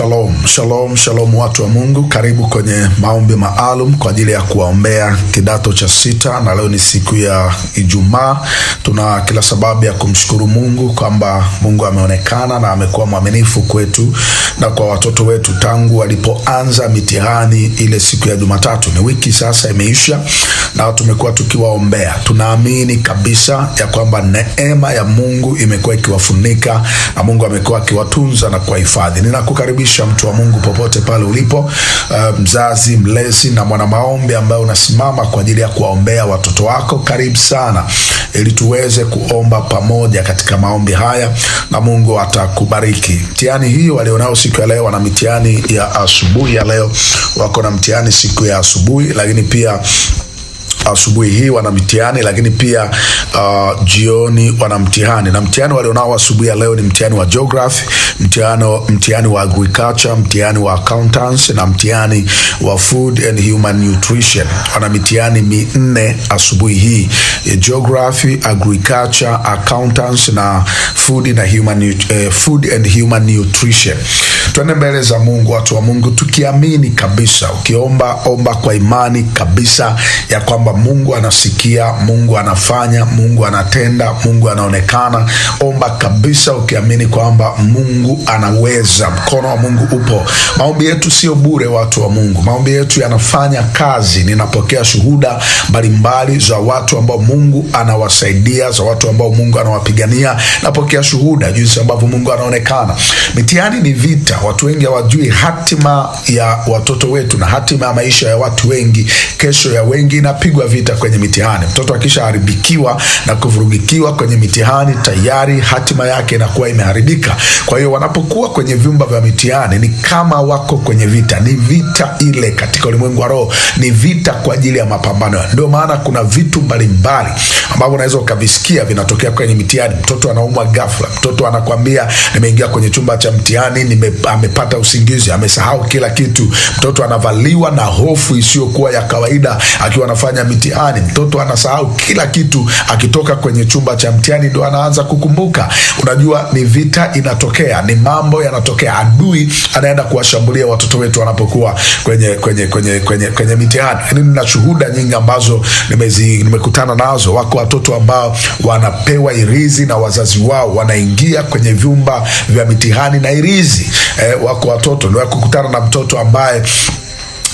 Shalom, shalom, shalom watu wa Mungu, karibu kwenye maombi maalum kwa ajili ya kuwaombea kidato cha sita, na leo ni siku ya Ijumaa. Tuna kila sababu ya kumshukuru Mungu kwamba Mungu ameonekana na amekuwa mwaminifu kwetu na kwa watoto wetu tangu walipoanza mitihani ile siku ya Jumatatu. Ni wiki sasa imeisha, na tumekuwa tukiwaombea. Tunaamini kabisa ya kwamba neema ya Mungu imekuwa ikiwafunika na Mungu amekuwa akiwatunza na kuwahifadhi. Ninakukaribisha kukaribisha mtu wa Mungu popote pale ulipo, uh, mzazi, mlezi na mwana maombi ambaye unasimama kwa ajili ya kuwaombea watoto wako, karibu sana ili tuweze kuomba pamoja katika maombi haya, na Mungu atakubariki. Mtihani hii walionao siku ya leo, wana mitihani ya asubuhi ya leo, wako na mtihani siku ya asubuhi, lakini pia asubuhi hii wana mitihani lakini pia uh, jioni wana mtihani na mtihani walionao asubuhi ya leo ni mtihani wa geography, mtihani, mtihani wa agriculture, mtihani wa accountants na mtihani wa food and human nutrition. Wana mitihani minne asubuhi hii: eh, geography, agriculture, accountants na food, na human, uh, food and human nutrition. Twende mbele za Mungu, watu wa Mungu, tukiamini kabisa, ukiomba omba kwa imani kabisa ya kwamba Mungu anasikia, Mungu anafanya, Mungu anatenda, Mungu anaonekana. Omba kabisa ukiamini kwamba Mungu anaweza, mkono wa Mungu upo. Maombi yetu sio bure, watu wa Mungu, maombi yetu yanafanya kazi. Ninapokea shuhuda mbalimbali za watu ambao Mungu anawasaidia, za watu ambao Mungu anawapigania. Napokea shuhuda jinsi ambavyo Mungu anaonekana. Mitihani ni vita Watu wengi hawajui hatima ya watoto wetu na hatima ya maisha ya watu wengi. Kesho ya wengi inapigwa vita kwenye mitihani. Mtoto akishaharibikiwa na kuvurugikiwa kwenye mitihani, tayari hatima yake inakuwa imeharibika. Kwa hiyo wanapokuwa kwenye vyumba vya mitihani, ni kama wako kwenye vita. Ni vita ile katika ulimwengu wa roho, ni vita kwa ajili ya mapambano. Ndio maana kuna vitu mbalimbali ambavyo unaweza ukavisikia vinatokea kwenye mitihani. Mtoto anaumwa ghafla, mtoto anakwambia nimeingia kwenye chumba cha mtihani nime amepata usingizi, amesahau kila kitu. Mtoto anavaliwa na hofu isiyokuwa ya kawaida akiwa anafanya mitihani. Mtoto anasahau kila kitu, akitoka kwenye chumba cha mtihani ndo anaanza kukumbuka. Unajua, ni vita inatokea, ni mambo yanatokea, adui anaenda kuwashambulia watoto wetu wanapokuwa kwenye kwenye kwenye kwenye, kwenye mitihani. Yani nina shuhuda nyingi ambazo nimezi, nimekutana nazo. Wako watoto ambao wanapewa irizi na wazazi wao, wanaingia kwenye vyumba vya mitihani na irizi eh, wako watoto, niliwahi kukutana na mtoto ambaye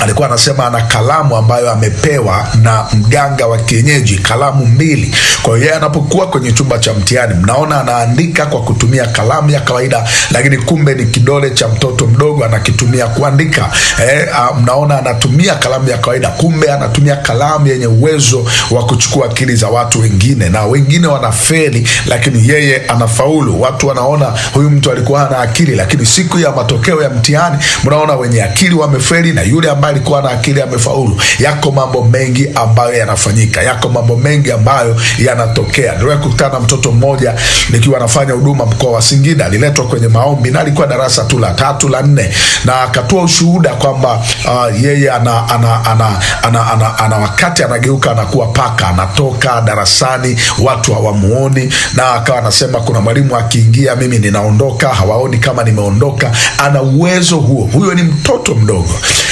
alikuwa anasema ana kalamu ambayo amepewa na mganga wa kienyeji, kalamu mbili. Kwa hiyo yeye anapokuwa kwenye chumba cha mtihani, mnaona anaandika kwa kutumia kalamu ya kawaida, lakini kumbe ni kidole cha mtoto mdogo anakitumia kuandika. Eh, ah, mnaona anatumia kalamu ya kawaida, kumbe anatumia kalamu yenye uwezo wa kuchukua akili za watu wengine, na wengine wanafeli, lakini yeye anafaulu. Watu wanaona huyu mtu alikuwa hana akili, lakini siku ya matokeo ya mtihani mnaona wenye akili wamefeli na yule ambaye alikuwa na akili amefaulu. Yako mambo mengi ambayo yanafanyika, yako mambo mengi ambayo ya yanatokea. Niliwahi kukutana na mtoto mmoja nikiwa nafanya huduma mkoa wa Singida, aliletwa kwenye maombi na alikuwa darasa tu la tatu la nne, na akatoa ushuhuda kwamba uh, yeye ana, ana, ana, ana, ana, ana wakati anageuka anakuwa paka, anatoka darasani watu hawamuoni, na akawa anasema kuna mwalimu akiingia mimi ninaondoka, hawaoni kama nimeondoka. Ana uwezo huo, huyo ni mtoto mdogo.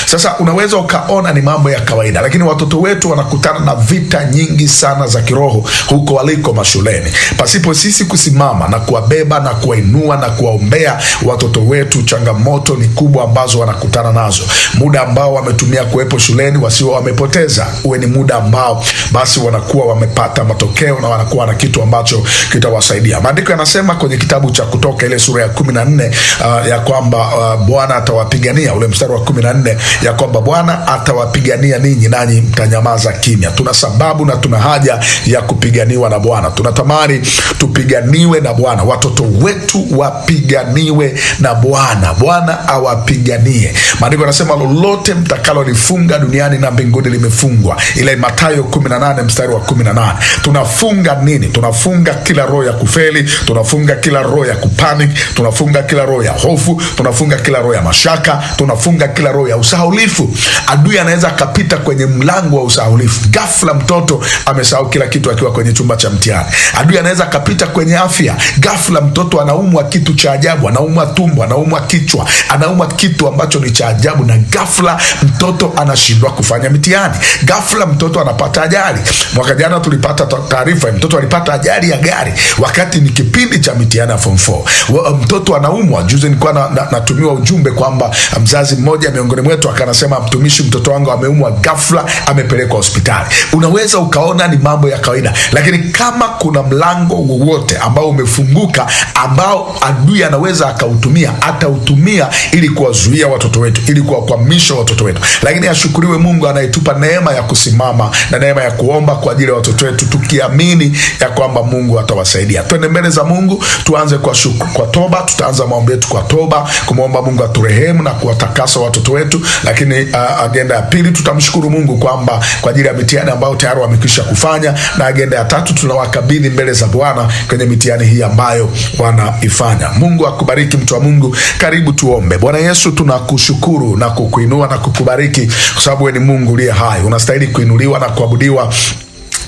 Sasa unaweza ukaona ni mambo ya kawaida, lakini watoto wetu wanakutana na vita nyingi sana za kiroho huko waliko mashuleni. Pasipo sisi kusimama na kuwabeba na kuwainua na kuwaombea watoto wetu, changamoto ni kubwa ambazo wanakutana nazo. Muda ambao wametumia kuwepo shuleni wasio wamepoteza, uwe ni muda ambao basi wanakuwa wamepata matokeo na wanakuwa na kitu ambacho kitawasaidia. Maandiko yanasema kwenye kitabu cha Kutoka ile sura ya kumi na nne uh, ya kwamba uh, Bwana atawapigania ule mstari wa kumi na nne ya kwamba Bwana atawapigania ninyi nanyi mtanyamaza kimya. Tuna sababu na tuna haja ya kupiganiwa na Bwana. Tunatamani tupiganiwe na Bwana, watoto wetu wapiganiwe na Bwana, Bwana awapiganie. Maandiko yanasema lolote mtakalolifunga duniani na mbinguni limefungwa, ile Mathayo 18 mstari wa 18. Tunafunga nini? Tunafunga kila roho ya kufeli, tunafunga kila roho ya kupanic, tunafunga kila roho ya hofu, tunafunga kila roho ya mashaka, tunafunga kila roho ya usaha usahaulifu, adui anaweza akapita kwenye mlango wa usahaulifu. Ghafla mtoto amesahau kila kitu akiwa kwenye chumba cha mtihani. Adui anaweza akapita kwenye afya. Ghafla mtoto anaumwa kitu cha ajabu, anaumwa tumbo, anaumwa kichwa, anaumwa kitu ambacho ni cha ajabu, na ghafla mtoto anashindwa kufanya mtihani. Ghafla mtoto anapata ajali. Mwaka jana tulipata taarifa, mtoto alipata ajali ya gari wakati ni kipindi cha mitihani ya form 4. Mtoto anaumwa. Juzi nilikuwa natumiwa na, na ujumbe kwamba mzazi mmoja miongoni mwetu mpaka anasema mtumishi, mtoto wangu ameumwa ghafla, amepelekwa hospitali. Unaweza ukaona ni mambo ya kawaida, lakini kama kuna mlango wowote ambao umefunguka ambao adui anaweza akautumia, atautumia ili kuwazuia watoto wetu, ili kuwakwamisha watoto wetu. Lakini ashukuriwe Mungu anayetupa neema ya kusimama na neema ya kuomba kwa ajili ya watoto wetu, tukiamini ya kwamba Mungu atawasaidia. Twende mbele za Mungu, tuanze kwa shukru, kwa toba. Tutaanza maombi yetu kwa toba, kumwomba Mungu aturehemu na kuwatakasa watoto wetu lakini uh, agenda ya pili tutamshukuru Mungu kwamba kwa ajili ya mitihani ambayo tayari wamekwisha kufanya, na agenda ya tatu tunawakabidhi mbele za Bwana kwenye mitihani hii ambayo wanaifanya. Mungu akubariki mtu wa Mungu, karibu tuombe. Bwana Yesu, tunakushukuru na kukuinua na kukubariki kwa sababu wewe ni Mungu uliye hai, unastahili kuinuliwa na kuabudiwa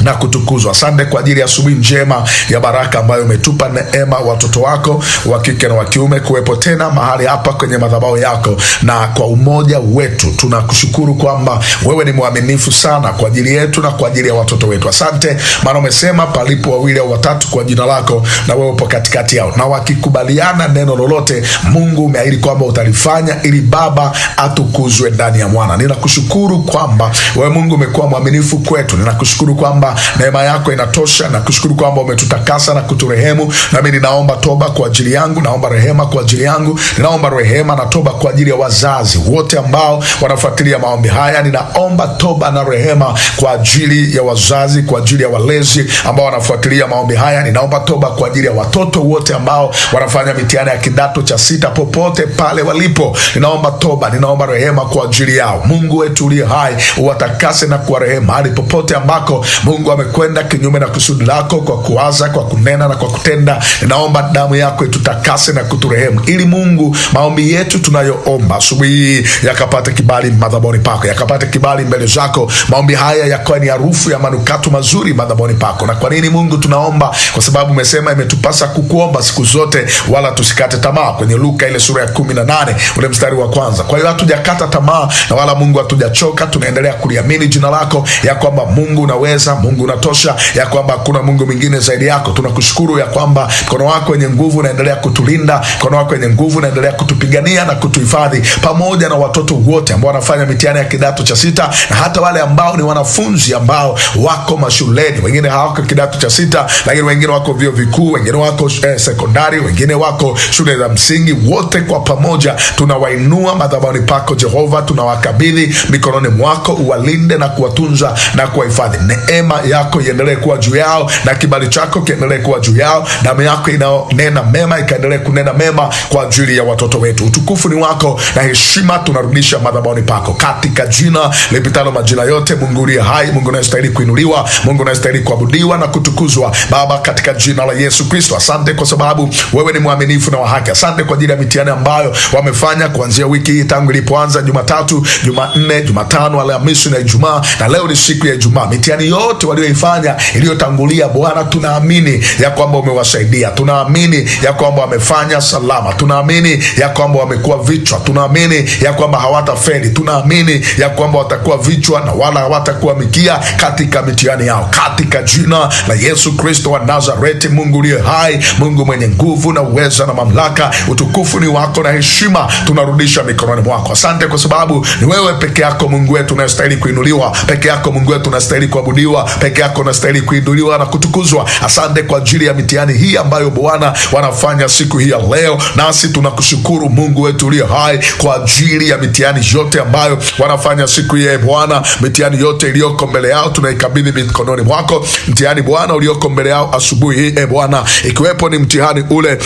na kutukuzwa. Asante kwa ajili ya asubuhi njema ya baraka ambayo umetupa neema, watoto wako wa kike na wa kiume kuwepo tena mahali hapa kwenye madhabahu yako, na kwa umoja wetu tunakushukuru kwamba wewe ni mwaminifu sana kwa ajili yetu na kwa ajili ya watoto wetu. Asante maana umesema palipo wawili au watatu kwa jina lako, na wewe upo katikati yao, na wakikubaliana neno lolote, Mungu umeahidi kwamba utalifanya ili Baba atukuzwe ndani ya Mwana. Ninakushukuru kwamba wewe Mungu umekuwa mwaminifu kwetu. Ninakushukuru kwamba neema yako inatosha. Nakushukuru kwamba umetutakasa na kuturehemu, nami ninaomba toba kwa ajili yangu, naomba rehema kwa ajili yangu, ninaomba rehema na toba kwa ajili ya wazazi wote ambao wanafuatilia maombi haya. Ninaomba toba na rehema kwa ajili ya wazazi, kwa ajili ya walezi ambao wanafuatilia maombi haya. Ninaomba toba kwa ajili ya watoto wote ambao wanafanya mitihani ya kidato cha sita, popote pale walipo, ninaomba toba, ninaomba rehema kwa ajili yao. Mungu wetu uliye hai, uwatakase na kuwarehema hadi popote ambako Mungu Mungu amekwenda kinyume na kusudi lako kwa kuwaza, kwa kunena na kwa kutenda. Naomba damu yako itutakase na kuturehemu, ili Mungu maombi yetu tunayoomba asubuhi hii yakapate kibali madhaboni pako, yakapate kibali mbele zako. Maombi haya yakawa ni harufu ya manukato mazuri madhaboni pako. Na kwa nini Mungu tunaomba? Kwa sababu umesema imetupasa kukuomba siku zote, wala tusikate tamaa, kwenye Luka ile sura ya kumi na nane ule mstari wa kwanza. Kwa hiyo hatujakata tamaa na wala Mungu hatujachoka, tunaendelea kuliamini jina lako ya kwamba Mungu unaweza Mungu unatosha, ya kwamba hakuna Mungu mwingine zaidi yako. Tunakushukuru ya kwamba mkono wako wenye nguvu unaendelea kutulinda, mkono wako wenye nguvu unaendelea kutupigania na kutuhifadhi, pamoja na watoto wote ambao wanafanya mitihani ya kidato cha sita na hata wale ambao ni wanafunzi ambao wako mashuleni, wengine hawako kidato cha sita, lakini wengine wako vyuo vikuu, wengine wako eh, sekondari, wengine wako shule za msingi. Wote kwa pamoja tunawainua madhabahuni pako Jehova, tunawakabidhi mikononi mwako, uwalinde na kuwatunza na kuwahifadhi neema Neema yako iendelee kuwa juu yao na kibali chako kiendelee kuwa juu yao. Damu yako inayonena mema ikaendelee kunena mema kwa ajili ya watoto wetu. Utukufu ni wako na heshima tunarudisha madhabahuni pako, katika jina lipitalo majina yote. Mungu uliye hai, Mungu unayestahili kuinuliwa, Mungu unayestahili kuabudiwa na kutukuzwa, Baba, katika jina la Yesu Kristo. Asante kwa sababu wewe ni mwaminifu na wa haki. Asante kwa ajili ya mitihani ambayo wamefanya kuanzia wiki hii tangu ilipoanza Jumatatu, Jumanne, Jumatano, Alhamisi na Ijumaa, na leo ni siku ya Ijumaa. Mitihani yote yote walioifanya iliyotangulia, Bwana, tunaamini ya kwamba umewasaidia, tunaamini ya kwamba wamefanya salama, tunaamini ya kwamba wamekuwa vichwa, tunaamini ya kwamba hawatafeli, tunaamini ya kwamba watakuwa vichwa na wala hawatakuwa mikia katika mitihani yao, katika jina la Yesu Kristo wa Nazareti. Mungu uliye hai, Mungu mwenye nguvu na uweza na mamlaka, utukufu ni wako na heshima tunarudisha mikononi mwako. Asante kwa sababu ni wewe peke yako Mungu wetu unayestahili kuinuliwa, peke yako Mungu wetu unastahili kuabudiwa, peke yako unastahili kuinduliwa na kutukuzwa. Asante kwa ajili ya mitihani hii ambayo Bwana wanafanya siku hii ya leo, nasi tunakushukuru Mungu wetu uliye hai kwa ajili ya mitihani yote ambayo wanafanya siku hii ya ee Bwana. Mitihani yote iliyoko mbele yao tunaikabidhi mikononi mwako. Mtihani Bwana ulioko mbele yao asubuhi hii e Bwana, ikiwepo ni mtihani ule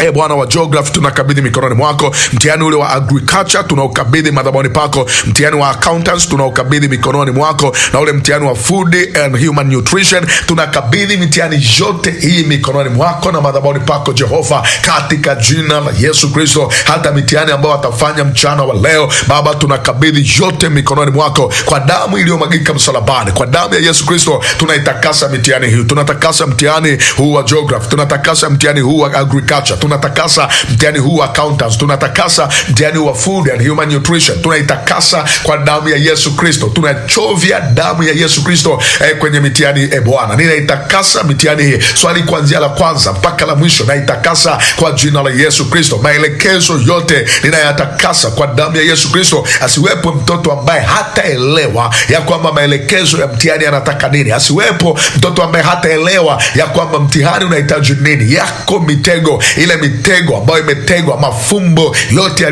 E Bwana wa geography tunakabidhi mikononi mwako. Mtihani ule wa agriculture tunaukabidhi madhabani pako. Mtihani wa accountants tunaukabidhi mikononi mwako, na ule mtihani wa food and human nutrition tunakabidhi mitihani yote hii mikononi mwako na madhabani pako Jehova, katika jina la Yesu Kristo. Hata mitihani ambayo watafanya mchana wa leo Baba, tunakabidhi yote mikononi mwako, kwa damu iliyomwagika msalabani, kwa damu ya Yesu Kristo tunaitakasa mitihani hii. Tunatakasa mtihani huu wa geography, tunatakasa mtihani huu wa agriculture tunatakasa mtihani huu wa accountants, tunatakasa mtihani wa food and human nutrition, tunaitakasa kwa damu ya Yesu Kristo, tunachovya damu ya Yesu Kristo eh, kwenye mitihani eh, Bwana ninaitakasa mitihani hii, swali kuanzia la kwanza mpaka la mwisho naitakasa kwa jina la Yesu Kristo. Maelekezo yote ninayatakasa kwa damu ya Yesu Kristo, asiwepo mtoto ambaye hataelewa ya kwamba maelekezo ya mtihani anataka nini, asiwepo mtoto ambaye hataelewa ya kwamba mtihani unahitaji nini. Yako mitego ile ile mitego ambayo imetegwa, mafumbo yote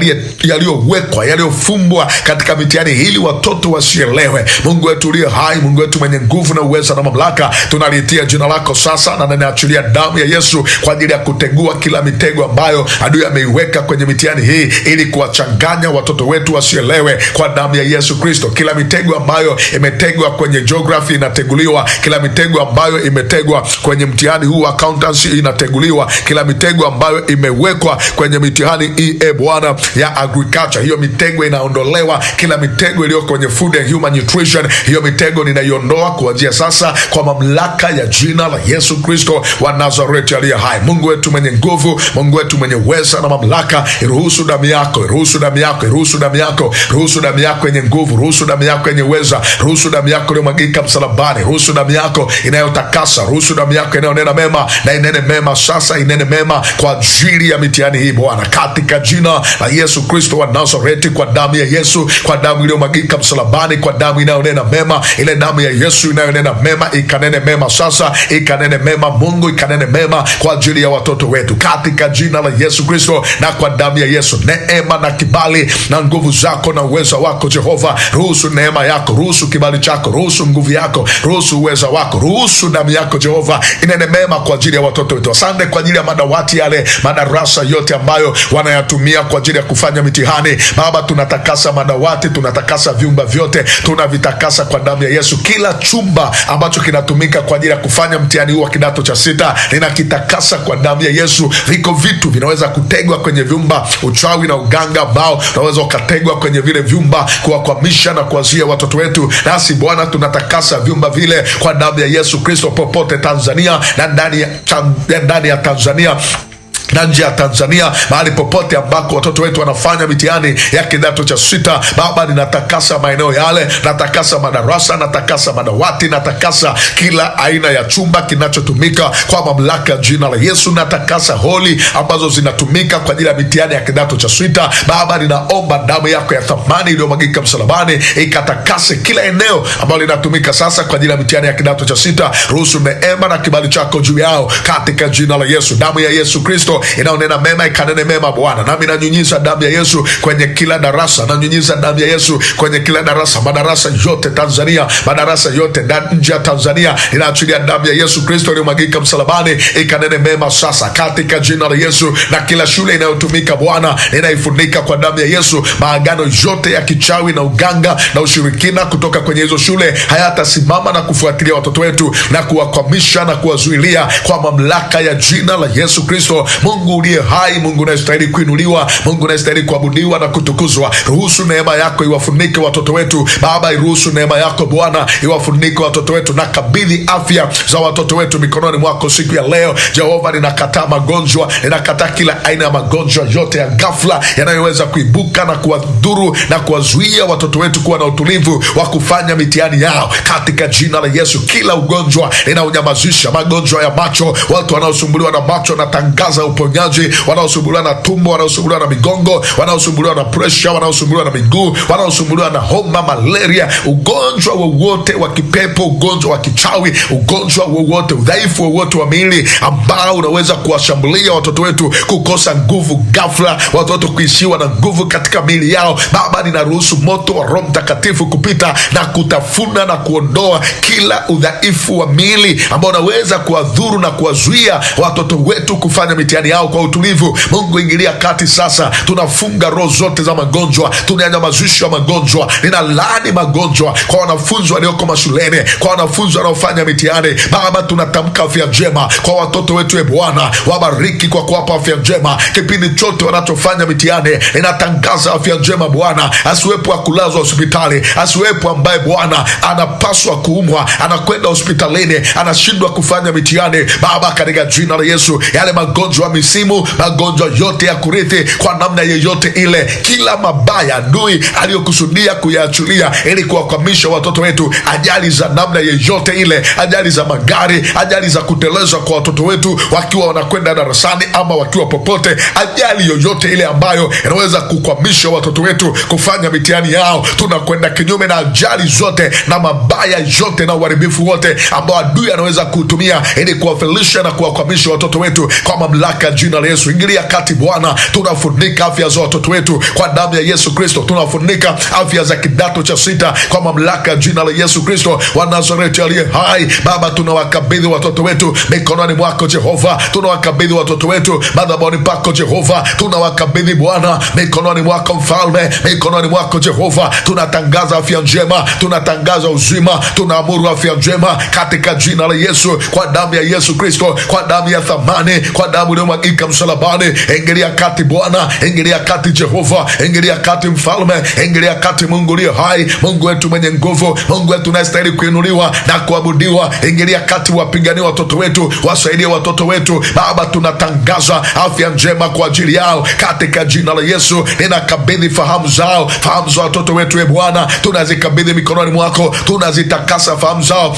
yaliyowekwa, yaliyofumbwa katika mitihani ili watoto wasielewe. Mungu wetu uliye hai, Mungu wetu mwenye nguvu na uwezo na mamlaka, tunalitia jina lako sasa, na ninaachilia damu ya Yesu kwa ajili ya kutegua kila mitego ambayo adui ameiweka kwenye mitihani hii ili kuwachanganya watoto wetu wasielewe, kwa damu ya Yesu Kristo. Kila mitego ambayo imetegwa kwenye geography inateguliwa, kila mitego ambayo imetegwa kwenye mtihani huu wa accountancy inateguliwa, kila mitego ambayo ambayo imewekwa kwenye mitihani hii, e Bwana, ya agriculture. Hiyo mitego inaondolewa, kila mitego iliyo kwenye food and human nutrition, hiyo mitego ninaiondoa kuanzia sasa kwa mamlaka ya jina la Yesu Kristo wa Nazareti aliye hai. Mungu wetu mwenye nguvu, Mungu wetu mwenye uweza na mamlaka, iruhusu damu yako, iruhusu damu yako, iruhusu damu yako, ruhusu damu yako yenye nguvu, ruhusu damu yako yenye uweza, ruhusu damu yako iliyomwagika msalabani, ruhusu damu yako inayotakasa, ruhusu damu yako inayonena mema na inene mema sasa, inene mema kwa ajili ya mitihani hii Bwana, katika jina la Yesu Kristo wa Nazareti, kwa damu ya Yesu, kwa damu iliyomwagika msalabani, kwa damu inayonena mema, ile damu ya Yesu inayonena mema, ikanene mema sasa, ikanene mema Mungu, ikanene mema kwa ajili ya watoto wetu, katika jina la Yesu Kristo na kwa damu ya Yesu. Neema na kibali na nguvu zako na uweza wako Jehova, ruhusu neema yako, ruhusu kibali chako, ruhusu nguvu yako, ruhusu uweza wako, ruhusu damu yako Jehova inene mema kwa ajili ya watoto wetu. Asante kwa ajili ya madawati yale madarasa yote ambayo wanayatumia kwa ajili ya kufanya mitihani. Baba, tunatakasa madawati, tunatakasa vyumba vyote, tunavitakasa kwa damu ya Yesu. Kila chumba ambacho kinatumika kwa ajili ya kufanya mtihani huu wa kidato cha sita ninakitakasa kwa damu ya Yesu. Viko vitu vinaweza kutegwa kwenye vyumba, uchawi na uganga ambao unaweza ukategwa kwenye vile vyumba, kuwakwamisha na kuwazuia watoto wetu. Nasi Bwana tunatakasa vyumba vile kwa damu ya Yesu Kristo, popote Tanzania na ndani ya Tanzania na nje ya Tanzania, mahali popote ambako watoto wetu wanafanya mitihani ya kidato cha sita. Baba, ninatakasa maeneo yale, natakasa madarasa, natakasa madawati, natakasa kila aina ya chumba kinachotumika kwa mamlaka ya jina la Yesu. Natakasa holi ambazo zinatumika kwa ajili ya mitihani ya kidato cha sita. Baba, ninaomba damu yako ya thamani iliyomwagika msalabani ikatakase kila eneo ambalo linatumika sasa kwa ajili ya mitihani ya kidato cha sita. Ruhusu neema na kibali chako juu yao katika jina la Yesu. Damu ya Yesu Kristo inaonena inayonena mema ikanene mema Bwana, nami nanyunyiza damu ya Yesu kwenye kila darasa, nanyunyiza damu ya Yesu kwenye kila darasa, madarasa yote Tanzania, madarasa yote nje ya Tanzania, inaachilia damu ya Yesu Kristo aliyomwagika msalabani ikanene mema sasa, katika jina la Yesu. Na kila shule inayotumika Bwana, inaifunika kwa damu ya Yesu. Maagano yote ya kichawi na uganga na ushirikina kutoka kwenye hizo shule hayatasimama na kufuatilia watoto wetu na kuwakwamisha na kuwazuilia kwa mamlaka ya jina la Yesu Kristo. Mungu uliye hai, Mungu unayestahili kuinuliwa, Mungu unayestahili kuabudiwa na kutukuzwa. Ruhusu neema yako iwafunike watoto wetu Baba, iruhusu neema yako Bwana iwafunike watoto wetu, na kabidhi afya za watoto wetu mikononi mwako siku ya leo. Jehova, ninakataa magonjwa, ninakataa kila aina ya magonjwa yote ya ghafla yanayoweza kuibuka na kuwadhuru na kuwazuia watoto wetu kuwa na utulivu wa kufanya mitihani yao katika jina la Yesu. Kila ugonjwa ninaunyamazisha, magonjwa ya macho, watu wanaosumbuliwa na macho natangaza uponyaji, wanaosumbuliwa na tumbo, wanaosumbuliwa na migongo, wanaosumbuliwa na presha, wanaosumbuliwa na miguu, wanaosumbuliwa na homa, malaria, ugonjwa wowote wa kipepo, ugonjwa wa kichawi, ugonjwa wowote, udhaifu wowote wa miili ambao unaweza kuwashambulia watoto wetu, kukosa nguvu ghafla, watoto kuishiwa na nguvu katika miili yao. Baba, ninaruhusu moto wa Roho Mtakatifu kupita na kutafuna na kuondoa kila udhaifu wa miili ambao unaweza kuwadhuru na kuwazuia watoto wetu kufanya mitihani ndani yao kwa utulivu. Mungu, ingilia kati sasa. Tunafunga roho zote za magonjwa, ya magonjwa, ninalaani magonjwa kwa wanafunzi walioko mashuleni, kwa wanafunzi wanaofanya mitihani. Baba, tunatamka afya njema kwa watoto wetu. E Bwana, wabariki kwa kuwapa afya njema kipindi chote wanachofanya mitihani. Ninatangaza afya njema Bwana, asiwepo akulazwa hospitali, asiwepo ambaye Bwana anapaswa kuumwa, anakwenda hospitalini, anashindwa kufanya mitihani. Baba, katika jina la Yesu, yale magonjwa misimu, magonjwa yote ya kurithi kwa namna yeyote ile, kila mabaya adui aliyokusudia kuyaachilia ili kuwakwamisha watoto wetu, ajali za namna yeyote ile, ajali za magari, ajali za kutelezwa kwa watoto wetu wakiwa wanakwenda darasani ama wakiwa popote, ajali yoyote ile ambayo inaweza kukwamisha watoto wetu kufanya mitihani yao, tunakwenda kinyume na ajali zote na mabaya yote na uharibifu wote ambao adui anaweza kuutumia ili kuwafilisha na kuwakwamisha watoto wetu kwa mamlaka katika jina la Yesu. Ingilia kati Bwana, tunafunika afya za watoto wetu kwa damu ya Yesu Kristo, tunafunika afya za kidato cha sita kwa mamlaka ya jina la Yesu Kristo wa Nazareti aliye hai. Baba, tunawakabidhi watoto wetu mikononi mwako Jehova, tunawakabidhi watoto wetu madhabahuni pako Jehova, tunawakabidhi Bwana mikononi mwako Mfalme, mikononi mwako Jehova. Tunatangaza afya njema, tunatangaza uzima, tunaamuru afya njema katika jina la Yesu, kwa damu ya Yesu Kristo, kwa damu ya thamani, kwa damu Mwagika bade, ingilia kati Bwana, ingilia kati Jehova, ingilia kati Mfalme, ingilia kati Mungu liyo hai, Mungu wetu mwenye nguvu, Mungu wetu unayestahili kuinuliwa na kuabudiwa. Ingilia kati, wapigania watoto wetu, wasaidie watoto wetu. Baba, tunatangaza afya njema kwa ajili yao katika jina la Yesu. Ninakabidhi fahamu zao, fahamu za watoto wetu, e Bwana, tunazikabidhi mikononi mwako, tunazitakasa fahamu zao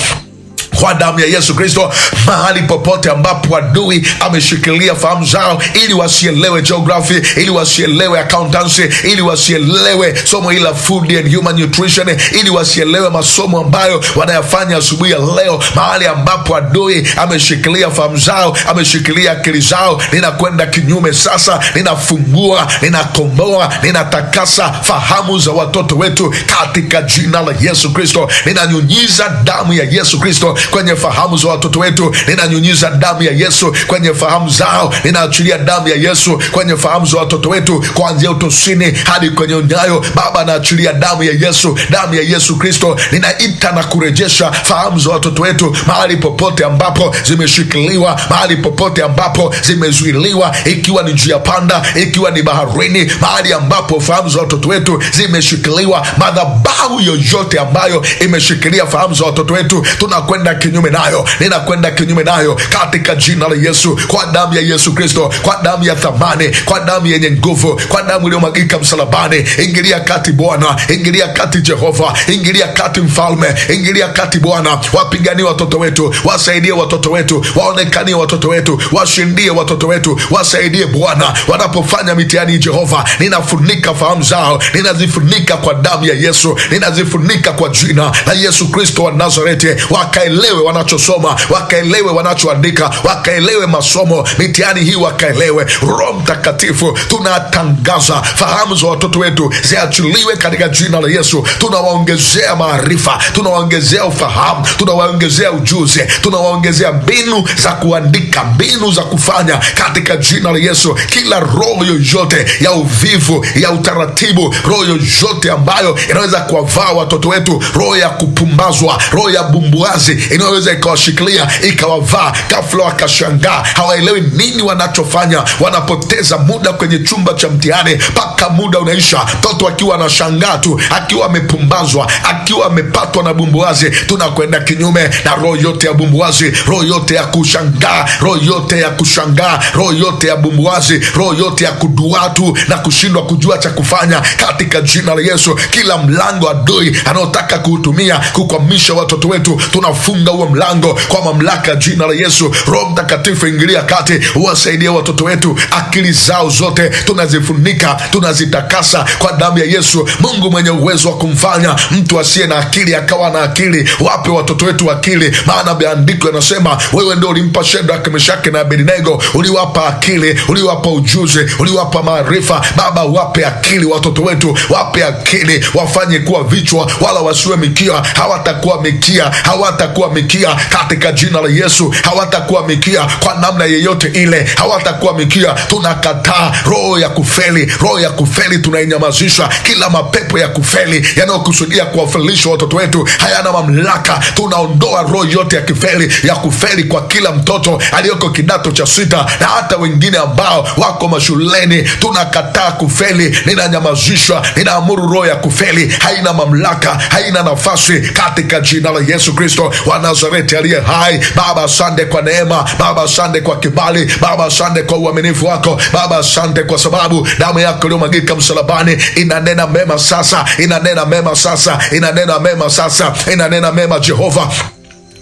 kwa damu ya Yesu Kristo, mahali popote ambapo adui ameshikilia fahamu zao, ili wasielewe geography, ili wasielewe accountancy, ili wasielewe somo hili la food and human nutrition, ili wasielewe masomo ambayo wanayafanya asubuhi ya leo, mahali ambapo adui ameshikilia fahamu zao, ameshikilia akili zao, ninakwenda kinyume sasa, ninafungua, ninakomboa, ninatakasa fahamu za watoto wetu katika jina la Yesu Kristo, ninanyunyiza damu ya Yesu Kristo kwenye fahamu za watoto wetu, ninanyunyiza damu ya Yesu kwenye fahamu zao, ninaachilia damu ya Yesu kwenye fahamu za watoto wetu, kuanzia utosini hadi kwenye unyayo. Baba, naachilia damu ya Yesu, damu ya Yesu Kristo. Ninaita na kurejesha fahamu za watoto wetu mahali popote ambapo zimeshikiliwa, mahali popote ambapo zimezuiliwa, ikiwa ni njia panda, ikiwa ni baharini, mahali ambapo fahamu za watoto wetu zimeshikiliwa, madhabahu yoyote ambayo imeshikilia fahamu za watoto wetu tunakwenda kinyume nayo, ninakwenda kinyume nayo katika jina la Yesu, kwa damu ya Yesu Kristo, kwa damu ya thamani, kwa damu yenye nguvu, kwa damu iliyomwagika msalabani. Ingilia kati Bwana, ingilia kati Jehova, ingilia kati Mfalme, ingilia kati Bwana. Wapiganie watoto wetu, wasaidie watoto wetu, waonekanie watoto wetu, washindie watoto wetu, wasaidie Bwana wanapofanya mitihani. Jehova, ninafunika fahamu zao, ninazifunika kwa damu ya Yesu, ninazifunika kwa jina la Yesu Kristo wa Nazareti wakaele wakaelewe wanachosoma, wakaelewe wanachoandika, wakaelewe masomo, mitihani hii wakaelewe. Roho Mtakatifu, tunatangaza fahamu za watoto wetu ziachiliwe katika jina la Yesu. Tunawaongezea maarifa, tunawaongezea ufahamu, tunawaongezea ujuzi, tunawaongezea mbinu za kuandika, mbinu za kufanya katika jina la Yesu. Kila roho yoyote ya uvivu, ya utaratibu, roho yoyote ambayo inaweza kuwavaa watoto wetu, roho ya kupumbazwa, roho ya bumbuazi inayoweza ikawashikilia ikawavaa. gafla wakashangaa, hawaelewi nini wanachofanya. Wanapoteza muda kwenye chumba cha mtihani mpaka muda unaisha, mtoto akiwa anashangaa tu, akiwa amepumbazwa, akiwa amepatwa na bumbuazi. Tunakwenda kinyume na roho yote ya bumbuazi, roho yote ya kushangaa, roho yote ya kushangaa, roho yote ya bumbuazi, roho yote ya kuduatu na kushindwa kujua cha kufanya, katika jina la Yesu. Kila mlango adui anaotaka kuutumia kukwamisha watoto wetu tunafunga funga huo mlango kwa mamlaka jina la Yesu. Roho Mtakatifu, ingilia kati, uwasaidie watoto wetu, akili zao zote tunazifunika, tunazitakasa kwa damu ya Yesu. Mungu mwenye uwezo wa kumfanya mtu asiye na akili akawa na akili, wape watoto wetu akili, maana maandiko yanasema wewe ndio ulimpa Shadraka, Meshaki na Abednego, uliwapa akili, uliwapa ujuzi, uliwapa maarifa. Baba, wape akili watoto wetu, wape akili, wafanye kuwa vichwa wala wasiwe mikia, hawatakuwa mikia, hawatakuwa mikia katika jina la Yesu, hawatakuamikia kwa namna yeyote ile, hawatakuamikia. Tunakataa roho ya kufeli, roho ya kufeli tunainyamazishwa Kila mapepo ya kufeli yanayokusudia kuwafelisha watoto wetu hayana mamlaka. Tunaondoa roho yote ya kifeli, ya kufeli kwa kila mtoto aliyoko kidato cha sita na hata wengine ambao wako mashuleni. Tunakataa kufeli, ninanyamazishwa, ninaamuru roho ya kufeli haina mamlaka, haina nafasi katika jina la Yesu Kristo. Nazareti aliye hai. Baba, asante kwa neema. Baba, asante kwa kibali. Baba, asante kwa uaminifu wako. Baba, asante kwa sababu damu yako iliyomwagika msalabani inanena mema sasa, inanena mema sasa, inanena mema sasa, inanena mema Jehova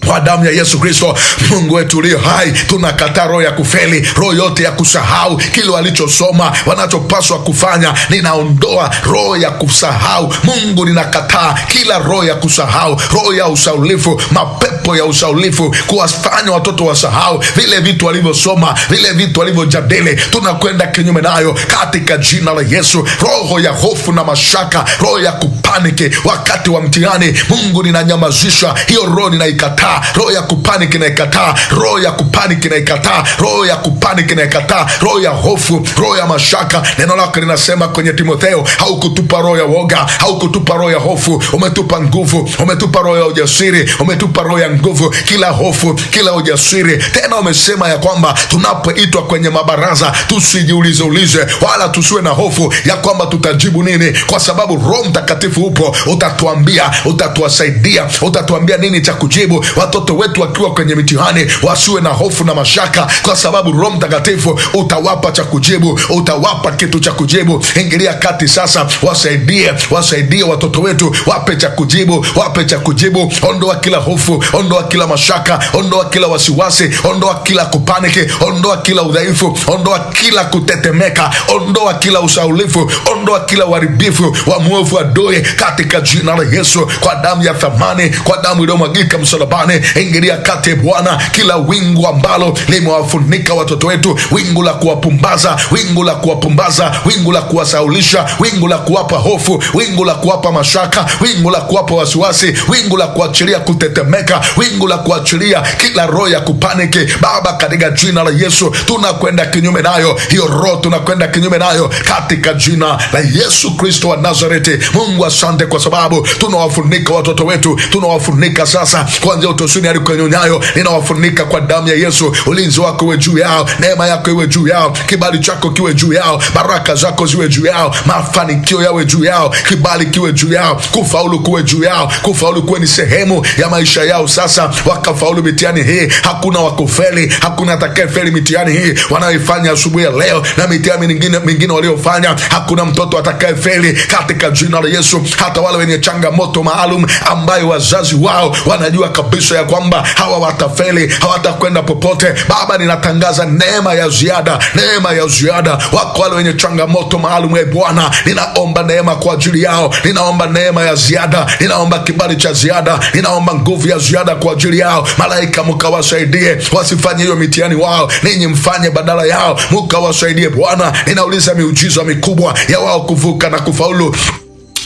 kwa damu ya Yesu Kristo, Mungu wetu ulio hai, tunakataa roho ya kufeli, roho yote ya kusahau kile walichosoma, wanachopaswa kufanya. Ninaondoa roho ya kusahau, Mungu, ninakataa kila roho ya kusahau, roho ya usaulifu, mapepo mambo ya ushaulifu kuwafanya watoto wasahau vile vitu walivyosoma, vile vitu walivyojadili. Tunakwenda kinyume nayo katika jina la Yesu. Roho ya hofu na mashaka, roho ya kupaniki wakati wa mtihani, Mungu ninanyamazishwa hiyo roho, ninaikataa. Roho ya kupaniki naikataa, roho ya kupaniki naikataa, roho ya kupaniki naikataa, roho ya hofu, roho ya mashaka. Neno lako linasema kwenye Timotheo, haukutupa roho ya woga, haukutupa roho ya hofu, umetupa nguvu, umetupa roho ya ujasiri, umetupa roho ya nguvu, kila hofu, kila ujasiri. Tena umesema ya kwamba tunapoitwa kwenye mabaraza tusijiulize ulize wala tusiwe na hofu ya kwamba tutajibu nini, kwa sababu Roho Mtakatifu upo, utatuambia, utatuwasaidia, utatuambia nini cha kujibu. Watoto wetu wakiwa kwenye mitihani wasiwe na hofu na mashaka, kwa sababu Roho Mtakatifu utawapa cha kujibu, utawapa kitu cha kujibu. Ingilia kati sasa, wasaidie, wasaidie watoto wetu, wape cha kujibu, wape cha kujibu, ondoa kila hofu ondoa kila mashaka, ondoa kila wasiwasi, ondoa kila kupaniki, ondoa kila udhaifu, ondoa kila kutetemeka, ondoa kila usaulifu, ondoa kila uharibifu wa mwovu doe katika jina la Yesu, kwa damu ya thamani, kwa damu iliyomwagika msalabani. Ingilia kati Bwana, kila wingu ambalo limewafunika watoto wetu, wingu la kuwapumbaza, wingu la kuwapumbaza, wingu la kuwasaulisha, wingu la kuwapa hofu, wingu la kuwapa mashaka, wingu la kuwapa wasiwasi, wingu la kuachilia kutetemeka wingu la kuachilia kila roho ya kupaniki. Baba, katika jina la Yesu tunakwenda kinyume nayo hiyo roho, tunakwenda kinyume nayo katika jina la Yesu Kristo wa Nazareti. Mungu, asante kwa sababu tunawafunika watoto wetu, tunawafunika sasa kwanzia utosini hadi kwenye unyayo. Ninawafunika kwa damu ya Yesu. Ulinzi wako iwe juu yao, neema yako iwe juu yao, kibali chako kiwe juu yao, baraka zako ziwe juu yao, mafanikio yawe juu yao, kibali kiwe juu yao, kufaulu kuwe juu yao, kufaulu kuwe ni sehemu ya maisha yao sasa wakafaulu mitihani hii. Hakuna wakufeli, hakuna atakayefeli mitihani hii wanaoifanya asubuhi ya leo na mitihani mingine, mingine waliofanya. Hakuna mtoto atakayefeli katika jina la Yesu, hata wale wenye changamoto maalum ambayo wazazi wao wanajua kabisa ya kwamba hawa watafeli, hawatakwenda popote. Baba, ninatangaza neema ya ziada, neema ya ziada. Wako wale wenye changamoto maalum, e Bwana, ninaomba neema kwa ajili yao, ninaomba neema ya ziada, ninaomba kibali cha ziada, ninaomba nguvu ya ziada msaada kwa ajili yao. Malaika mkawasaidie wasifanye hiyo mitihani wao, ninyi mfanye badala yao, mkawasaidie Bwana. Ninauliza miujiza mikubwa ya wao kuvuka na kufaulu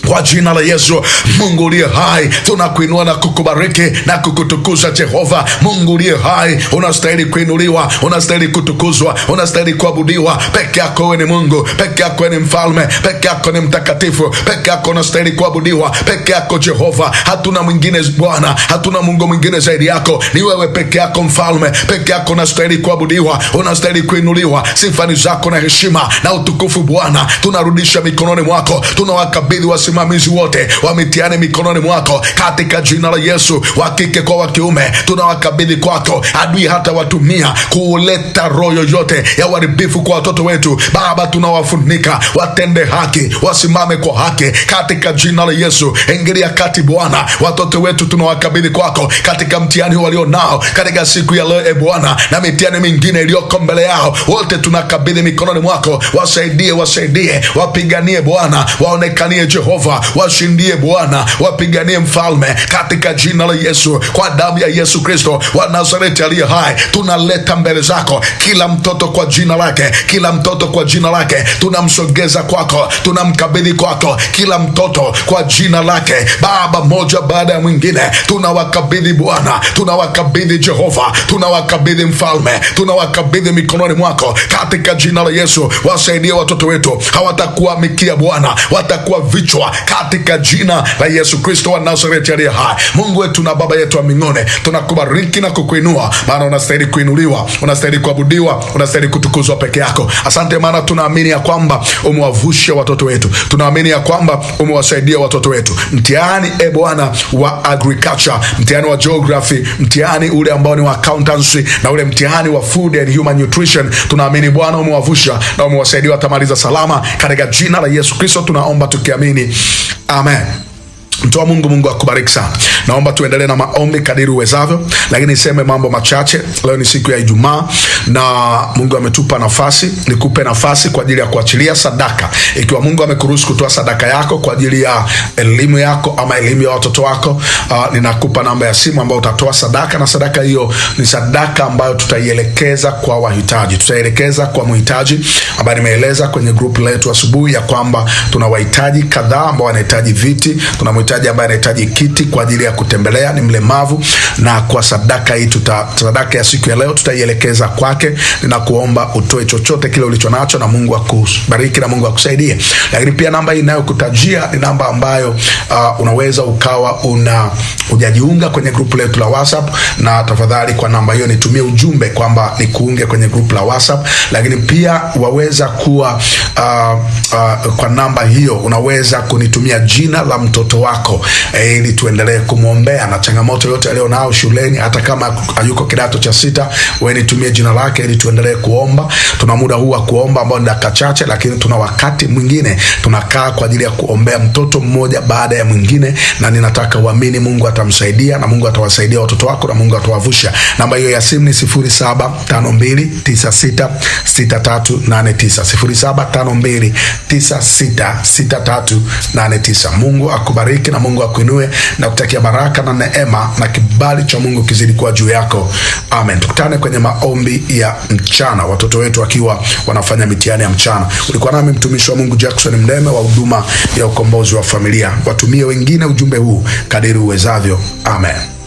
kwa jina la Yesu, Mungu uliye hai, tunakuinua na kukubariki na kukutukuza. Jehova Mungu uliye hai, unastahili kuinuliwa, unastahili kutukuzwa, unastahili kuabudiwa. Peke yako wewe ni Mungu, peke yako wewe ni mfalme, peke yako ni mtakatifu, peke yako unastahili kuabudiwa, peke yako Jehova. Hatuna mwingine Bwana, hatuna Mungu mwingine zaidi yako. Ni wewe peke yako mfalme, peke yako unastahili kuabudiwa, unastahili kuinuliwa. Sifa ni zako na heshima na utukufu Bwana, tunarudisha mikononi mwako, tunawakabidhi wasi wasimamizi wote wa mitihani mikononi mwako katika jina la Yesu, wa kike kwa wakiume, tunawakabidhi kwako. Adui hata watumia kuleta roho yoyote ya uharibifu kwa watoto wetu, Baba tunawafunika, watende haki, wasimame kwa haki katika jina la Yesu. Ingilia kati Bwana, watoto wetu tunawakabidhi kwako katika mtihani walio nao katika siku ya leo, e Bwana, na mitihani mingine iliyoko mbele yao, wote tunakabidhi mikononi mwako. Wasaidie, wasaidie, wapiganie Bwana, waonekanie Jehova Jehova, washindie Bwana, wapiganie mfalme, katika jina la Yesu, kwa damu ya Yesu Kristo wa Nazareti aliye hai, tunaleta mbele zako kila mtoto kwa jina lake, kila mtoto kwa jina lake, tunamsogeza kwako, tunamkabidhi kwako kila mtoto kwa jina lake Baba, moja baada ya mwingine, tunawakabidhi Bwana, tunawakabidhi Jehova, tunawakabidhi mfalme, tunawakabidhi mikononi mwako katika jina la Yesu. Wasaidie watoto wetu, hawatakuwa mikia Bwana, watakuwa vichwa katika jina la Yesu Kristo wa Nazareti aliye hai. Mungu wetu na Baba yetu wa tunakubariki na kukuinua, maana unastahili kuinuliwa, unastahili kuabudiwa, unastahili kutukuzwa peke yako. Asante, maana tunaamini ya kwamba umewavusha watoto wetu, tunaamini ya kwamba umewasaidia watoto wetu mtihani, e Bwana, wa agriculture, mtihani wa geography, mtihani ule ambao ni wa accountancy na ule mtihani wa food and human nutrition. Tunaamini Bwana umewavusha na umewasaidia watamaliza salama, katika jina la Yesu Kristo tunaomba tukiamini. 阿门。Mtu wa Mungu, Mungu akubariki sana. Naomba tuendelee na maombi kadiri uwezavyo, lakini niseme mambo machache. Leo ni siku ya Ijumaa na Mungu ametupa nafasi. Nikupe nafasi kwa ajili ya kuachilia sadaka. Ikiwa Mungu amekuruhusu kutoa sadaka yako kwa ajili ya elimu yako ama elimu ya watoto wako, uh, ninakupa namba ya simu ambayo utatoa sadaka, na sadaka hiyo ni sadaka ambayo tutaielekeza kwa wahitaji, tutaielekeza kwa mhitaji ambaye nimeeleza kwenye grupu letu asubuhi ya kwamba tuna wahitaji kadhaa ambao wanahitaji viti, tuna mhitaji ambaye anahitaji kiti kwa ajili ya kutembelea, ni mlemavu, na kwa sadaka hii tuta, sadaka ya siku ya leo tutaielekeza kwake. Ninakuomba utoe chochote kile ulicho nacho, na Mungu akubariki na Mungu akusaidie. Lakini pia namba hii inayokutajia ni namba ambayo uh, unaweza ukawa una hujajiunga kwenye grupu letu la WhatsApp, na tafadhali kwa namba hiyo nitumie ujumbe kwamba nikuunge kwenye grupu la WhatsApp. Lakini pia waweza kuwa uh, uh, kwa namba hiyo unaweza kunitumia jina la mtoto wako wako e, eh, ili tuendelee kumwombea na changamoto yote aliyo alionao shuleni, hata kama hayuko kidato cha sita, wewe nitumie jina lake ili tuendelee kuomba. Tuna muda huu wa kuomba ambao ni dakika chache, lakini tuna wakati mwingine tunakaa kwa ajili ya kuombea mtoto mmoja baada ya mwingine, na ninataka uamini Mungu atamsaidia na Mungu atawasaidia watoto wako na Mungu atawavusha. Namba hiyo ya simu ni 0752966389 0752966389. Mungu akubariki na Mungu akuinue na kutakia baraka na neema na kibali cha Mungu kizidi kuwa juu yako. Amen. Tukutane kwenye maombi ya mchana, watoto wetu wakiwa wanafanya mitihani ya mchana. Ulikuwa nami mtumishi wa Mungu Jackson Mndeme wa huduma ya ukombozi wa familia. Watumie wengine ujumbe huu kadiri uwezavyo. Amen.